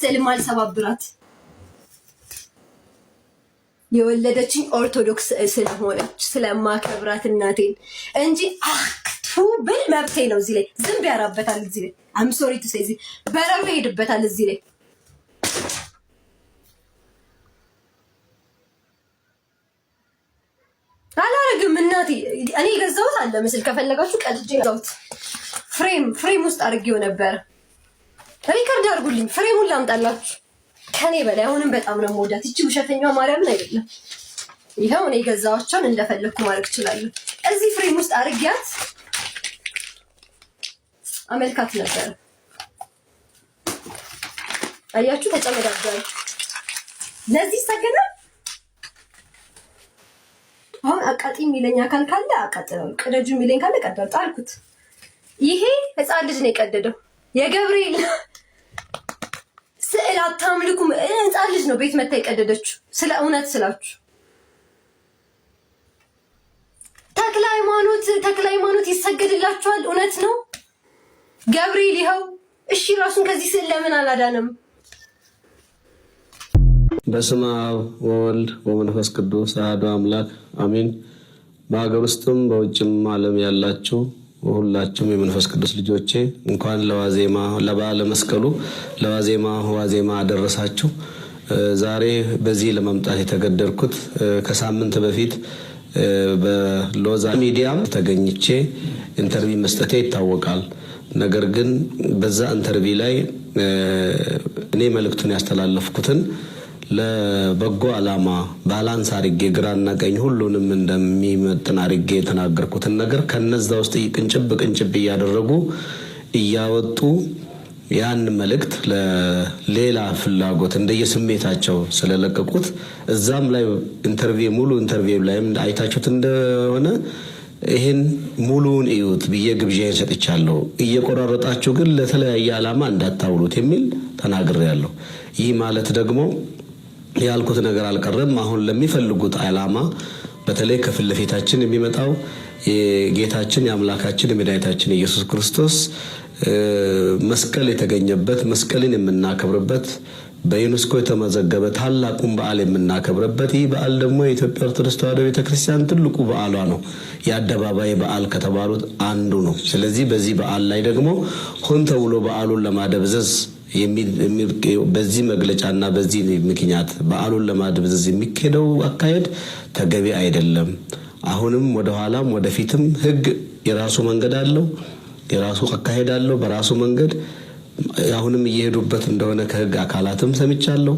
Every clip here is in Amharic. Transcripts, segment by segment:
ስዕልም አልሰባብራት የወለደችኝ ኦርቶዶክስ ስለሆነች ስለማከብራት እናቴን እንጂ አክቱ ብል መብቴ ነው። እዚህ ላይ ዝም ቢያራበታል እዚህ ላይ ሶሪ ቱ ሴ በረሮ ይሄድበታል። እዚህ ላይ አላረግም እናቴ። እኔ የገዛሁት አለ ምስል ከፈለጋችሁ ቀልጄ ገዛሁት። ፍሬም ፍሬም ውስጥ አድርጌው ነበር። ሪከርድ አድርጉልኝ። ፍሬሙን ላምጣላችሁ። ከኔ በላይ አሁንም በጣም ነው የምወዳት። ይቺ ውሸተኛዋ ማርያምን አይደለም። ይኸው እኔ ገዛዋቸውን እንደፈለግኩ ማድረግ እችላለሁ። እዚህ ፍሬም ውስጥ አርጊያት አመልካት ነበረ። አያችሁ፣ ተጨመዳጃል። ለዚህ ሰገና አሁን አቃጢ የሚለኝ አካል ካለ አቃጥለው፣ ቅደጁ የሚለኝ ካለ ጣልኩት። ይሄ ህፃን ልጅ ነው የቀደደው የገብርኤል ስዕል አታምልኩም። ህፃን ልጅ ነው ቤት መታ የቀደደችው። ስለ እውነት ስላችሁ ተክለ ሃይማኖት ተክለ ሃይማኖት ይሰገድላችኋል። እውነት ነው። ገብርኤል ይኸው እሺ፣ ራሱን ከዚህ ስዕል ለምን አላዳነም? በስመ አብ ወወልድ ወመንፈስ ቅዱስ አሐዱ አምላክ አሜን። በሀገር ውስጥም በውጭም ዓለም ያላችሁ ሁላችሁም የመንፈስ ቅዱስ ልጆቼ እንኳን ለዋዜማ ለበዓለ መስቀሉ ለዋዜማ ዋዜማ አደረሳችሁ። ዛሬ በዚህ ለመምጣት የተገደድኩት ከሳምንት በፊት በሎዛ ሚዲያ ተገኝቼ ኢንተርቪ መስጠቴ ይታወቃል። ነገር ግን በዛ ኢንተርቪ ላይ እኔ መልእክቱን ያስተላለፍኩትን ለበጎ አላማ ባላንስ አርጌ ግራና ቀኝ ሁሉንም እንደሚመጥን አርጌ የተናገርኩትን ነገር ከነዛ ውስጥ ቅንጭብ ቅንጭብ እያደረጉ እያወጡ ያን መልእክት ለሌላ ፍላጎት እንደየስሜታቸው ስለለቀቁት እዛም ላይ ኢንተርቪው ሙሉ ኢንተርቪው ላይም አይታችሁት እንደሆነ ይህን ሙሉውን እዩት ብዬ ግብዣዬን ሰጥቻለሁ። እየቆራረጣችሁ ግን ለተለያየ ዓላማ እንዳታውሉት የሚል ተናግሬያለሁ። ይህ ማለት ደግሞ ያልኩት ነገር አልቀረም። አሁን ለሚፈልጉት ዓላማ በተለይ ከፊት ለፊታችን የሚመጣው የጌታችን የአምላካችን የመድኃኒታችን ኢየሱስ ክርስቶስ መስቀል የተገኘበት መስቀልን የምናከብርበት በዩኔስኮ የተመዘገበ ታላቁን በዓል የምናከብርበት ይህ በዓል ደግሞ የኢትዮጵያ ኦርቶዶክስ ተዋሕዶ ቤተክርስቲያን ትልቁ በዓሏ ነው። የአደባባይ በዓል ከተባሉት አንዱ ነው። ስለዚህ በዚህ በዓል ላይ ደግሞ ሆን ተብሎ በዓሉን ለማደብዘዝ በዚህ መግለጫ ና በዚህ ምክንያት በዓሉን ለማድበዝዝ የሚካሄደው አካሄድ ተገቢ አይደለም። አሁንም ወደኋላም ወደፊትም ህግ የራሱ መንገድ አለው፣ የራሱ አካሄድ አለው። በራሱ መንገድ አሁንም እየሄዱበት እንደሆነ ከህግ አካላትም ሰምቻለሁ።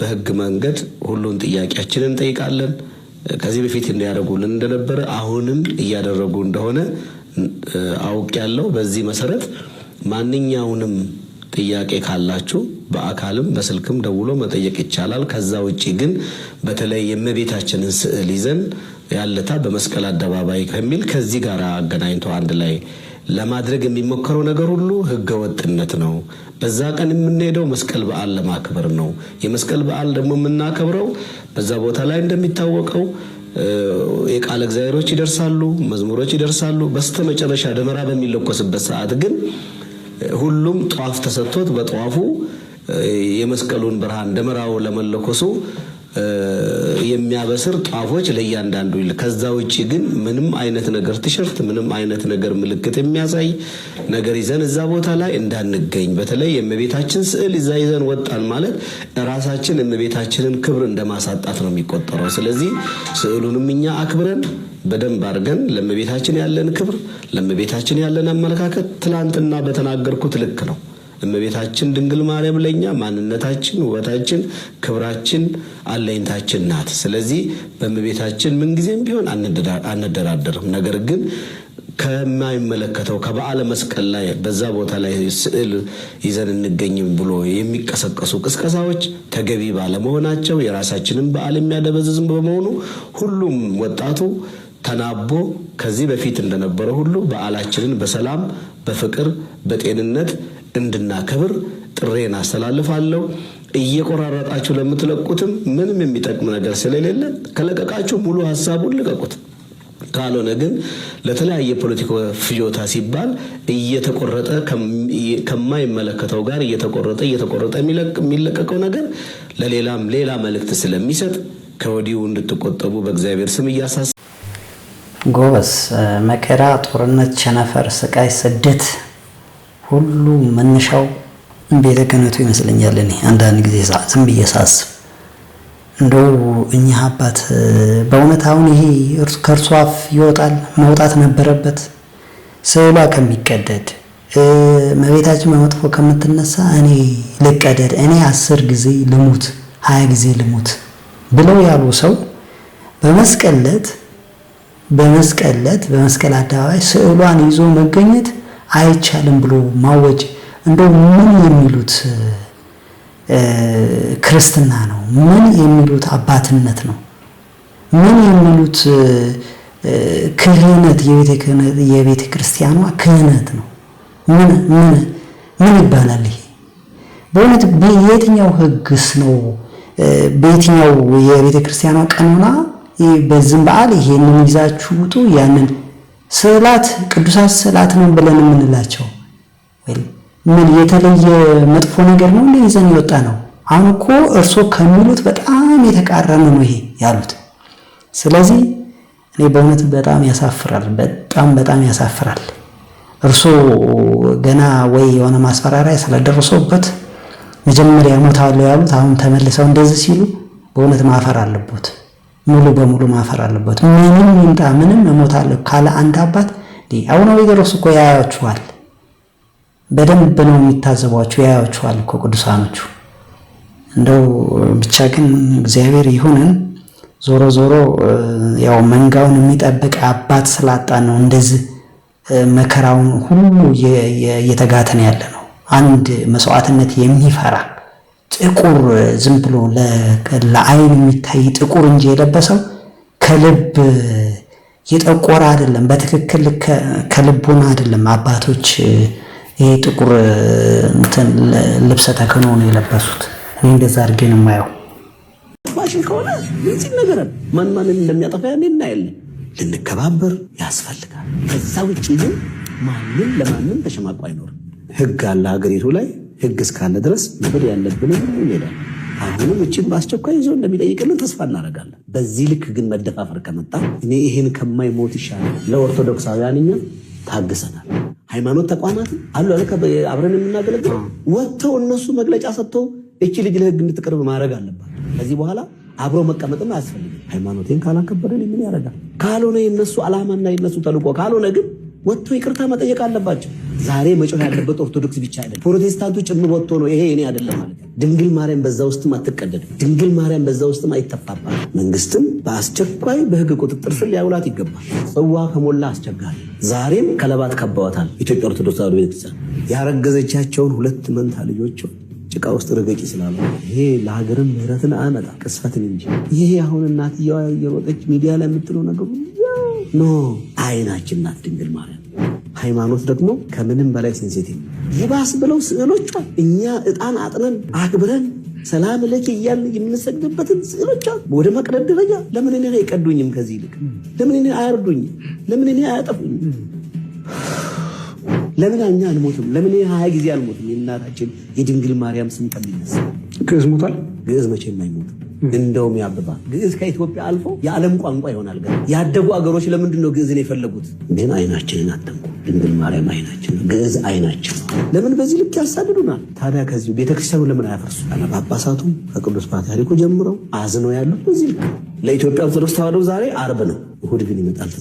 በህግ መንገድ ሁሉን ጥያቄያችንን እንጠይቃለን። ከዚህ በፊት እንዲያደርጉልን እንደነበረ አሁንም እያደረጉ እንደሆነ አውቅ ያለው በዚህ መሰረት ማንኛውንም ጥያቄ ካላችሁ በአካልም በስልክም ደውሎ መጠየቅ ይቻላል። ከዛ ውጭ ግን በተለይ የእመቤታችንን ስዕል ይዘን ያለታ በመስቀል አደባባይ ከሚል ከዚህ ጋር አገናኝቶ አንድ ላይ ለማድረግ የሚሞከረው ነገር ሁሉ ህገወጥነት ወጥነት ነው። በዛ ቀን የምንሄደው መስቀል በዓል ለማክበር ነው። የመስቀል በዓል ደግሞ የምናከብረው በዛ ቦታ ላይ እንደሚታወቀው የቃለ እግዚአብሔሮች ይደርሳሉ፣ መዝሙሮች ይደርሳሉ። በስተመጨረሻ ደመራ በሚለኮስበት ሰዓት ግን ሁሉም ጧፍ ተሰጥቶት በጧፉ የመስቀሉን ብርሃን ደመራው ለመለኮሱ የሚያበስር ጧፎች ለእያንዳንዱ ይል። ከዛ ውጭ ግን ምንም አይነት ነገር ቲሸርት፣ ምንም አይነት ነገር ምልክት የሚያሳይ ነገር ይዘን እዛ ቦታ ላይ እንዳንገኝ። በተለይ የእመቤታችን ስዕል ይዛ ይዘን ወጣን ማለት ራሳችን የእመቤታችንን ክብር እንደማሳጣት ነው የሚቆጠረው። ስለዚህ ስዕሉንም እኛ አክብረን በደንብ አድርገን ለእመቤታችን ያለን ክብር፣ ለእመቤታችን ያለን አመለካከት ትናንትና በተናገርኩት ልክ ነው። እመቤታችን ድንግል ማርያም ለኛ ማንነታችን፣ ውበታችን፣ ክብራችን፣ አለኝታችን ናት። ስለዚህ በእመቤታችን ምንጊዜም ቢሆን አንደራደርም። ነገር ግን ከማይመለከተው ከበዓለ መስቀል ላይ በዛ ቦታ ላይ ስዕል ይዘን እንገኝም ብሎ የሚቀሰቀሱ ቅስቀሳዎች ተገቢ ባለመሆናቸው የራሳችንን በዓል የሚያደበዝዝም በመሆኑ ሁሉም ወጣቱ ተናቦ ከዚህ በፊት እንደነበረ ሁሉ በዓላችንን በሰላም በፍቅር በጤንነት እንድናከብር ጥሬን አስተላልፋለሁ። እየቆራረጣችሁ ለምትለቁትም ምንም የሚጠቅም ነገር ስለሌለ ከለቀቃችሁ ሙሉ ሀሳቡን ልቀቁት። ካልሆነ ግን ለተለያየ ፖለቲካ ፍጆታ ሲባል እየተቆረጠ ከማይመለከተው ጋር እየተቆረጠ እየተቆረጠ የሚለቀቀው ነገር ለሌላም ሌላ መልእክት ስለሚሰጥ ከወዲሁ እንድትቆጠቡ በእግዚአብሔር ስም እያሳስ ጎበስ መከራ፣ ጦርነት፣ ቸነፈር፣ ስቃይ፣ ስደት ሁሉ መነሻው ቤተ ክህነቱ ይመስለኛል። እኔ አንዳንድ ጊዜ ዝም ብዬ ሳስብ እንደው እኚህ አባት በእውነት አሁን ይሄ ከእርሱ አፍ ይወጣል መውጣት ነበረበት። ስዕሏ ከሚቀደድ መቤታችን በመጥፎ ከምትነሳ እኔ ልቀደድ፣ እኔ አስር ጊዜ ልሙት፣ ሀያ ጊዜ ልሙት ብለው ያሉ ሰው በመስቀል ዕለት በመስቀል ዕለት በመስቀል አደባባይ ስዕሏን ይዞ መገኘት አይቻልም ብሎ ማወጅ እንደው ምን የሚሉት ክርስትና ነው? ምን የሚሉት አባትነት ነው? ምን የሚሉት ክህነት የቤተ ክርስቲያኗ ክህነት ነው? ምን ምን ምን ይባላል ይሄ? በእውነት የትኛው ህግስ ነው? በየትኛው የቤተ ክርስቲያኗ ቀኖና በዝም በዓል ይሄንን ይዛችሁ ውጡ ያንን ስዕላት ቅዱሳት ስዕላት ነው ብለን የምንላቸው ምን የተለየ መጥፎ ነገር ነው እንደ ይዘን የወጣ ነው? አሁን እኮ እርሶ ከሚሉት በጣም የተቃረነ ነው ይሄ ያሉት። ስለዚህ እኔ በእውነት በጣም ያሳፍራል፣ በጣም በጣም ያሳፍራል። እርሶ ገና ወይ የሆነ ማስፈራሪያ ስለደረሰበት መጀመሪያ ሞታለሁ ያሉት አሁን ተመልሰው እንደዚህ ሲሉ በእውነት ማፈር አለቦት። ሙሉ በሙሉ ማፈር አለበት። ምንም ይምጣ ምንም እሞታለሁ ካለ አንድ አባት አቡነ ዊገሮስ እኮ ያያችኋል፣ በደንብ ነው የሚታዘቧችሁ፣ ያያችኋል እኮ ቅዱሳኖቹ። እንደው ብቻ ግን እግዚአብሔር ይሁንን። ዞሮ ዞሮ ያው መንጋውን የሚጠብቅ አባት ስላጣ ነው እንደዚህ መከራውን ሁሉ እየተጋተን ያለ ነው። አንድ መስዋዕትነት የሚፈራ ጥቁር ዝም ብሎ ለአይን የሚታይ ጥቁር እንጂ የለበሰው ከልብ የጠቆረ አይደለም። በትክክል ከልቡና አይደለም። አባቶች ይሄ ጥቁር ልብሰ ተክህኖ ነው የለበሱት። እኔ እንደዛ አድርጌ ነው የማየው። ማሽን ከሆነ ግልጽ ነገረን ማን ማንን እንደሚያጠፋ ያኔ እናያለን። ልንከባበር ያስፈልጋል። ከዛ ውጭ ግን ማንም ለማንም ተሸማቆ አይኖርም። ህግ አለ ሀገሪቱ ላይ ህግ እስካለ ድረስ መሄድ ያለብን ይሄዳል። አሁንም እችን በአስቸኳይ ይዞ እንደሚጠይቅልን ተስፋ እናደርጋለን። በዚህ ልክ ግን መደፋፈር ከመጣ እኔ ይህን ከማይሞት ይሻላል። ለኦርቶዶክሳውያን እኛ ታግሰናል። ሃይማኖት ተቋማት አሉ አለ አብረን የምናገለግለው ወጥተው እነሱ መግለጫ ሰጥተው እቺ ልጅ ለህግ እንድትቀርብ ማድረግ አለባት። ከዚህ በኋላ አብሮ መቀመጥም አያስፈልግም። ሃይማኖቴን ካላከበደን ምን ያደርጋል? ካልሆነ የነሱ ዓላማና የነሱ ተልዕኮ ካልሆነ ግን ወጥቶ ይቅርታ መጠየቅ አለባቸው። ዛሬ መጮህ ያለበት ኦርቶዶክስ ብቻ አይደለም፣ ፕሮቴስታንቱ ጭምር ወጥቶ ነው ይሄ እኔ አይደለም ማለት ነው። ድንግል ማርያም በዛ ውስጥም አትቀደድም። ድንግል ማርያም በዛ ውስጥም አይተፋባል። መንግስትም በአስቸኳይ በህግ ቁጥጥር ስር ሊያውላት ይገባል። ጽዋ ከሞላ አስቸጋሪ። ዛሬም ከለባት ከበዋታል። ኢትዮጵያ ኦርቶዶክስ ተዋሕዶ ቤተክርስቲያን ያረገዘቻቸውን ሁለት መንታ ልጆች ጭቃ ውስጥ ርገጭ ስላሉ ይሄ ለሀገርም ምህረትን አመጣ ቅስፈትን እንጂ ይሄ አሁን እናትየዋ የሮጠች ሚዲያ ላይ የምትለው ነገሩ ኖ አይናችን ናት ድንግል ማርያም። ሃይማኖት ደግሞ ከምንም በላይ ሴንሴቲቭ ይባስ ብለው ስዕሎቿ እኛ እጣን አጥነን አክብረን ሰላም ለኪ እያል የምንሰግድበትን ስዕሎች ወደ መቅደድ ደረጃ ለምን እኔ አይቀዱኝም? ከዚህ ይልቅ ለምን እኔ አያርዱኝም? ለምን እኔ አያጠፉኝም? ለምን እኛ አልሞትም? ለምን ሀያ ጊዜ አልሞትም? የእናታችን የድንግል ማርያም ስም ቀሚነስ ግዕዝ ሞቷል። ግዕዝ መቼም አይሞትም። እንደውም ያብባል። ግዕዝ ከኢትዮጵያ አልፎ የዓለም ቋንቋ ይሆናል። ገ ያደጉ አገሮች ለምንድን ነው ግዕዝን የፈለጉት? ግን አይናችንን አተንኩ ድንግል ማርያም አይናችን ነው፣ ግዕዝ አይናችን ነው። ለምን በዚህ ልክ ያሳድዱናል? ታዲያ ከዚሁ ቤተክርስቲያኑ ለምን አያፈርሱ? ጳጳሳቱም ከቅዱስ ፓትርያርኩ ጀምረው አዝነው ያሉት በዚህ ልክ ለኢትዮጵያ ኦርቶዶክስ ተዋሕዶ ዛሬ አርብ ነው፣ እሑድ ግን ይመጣል።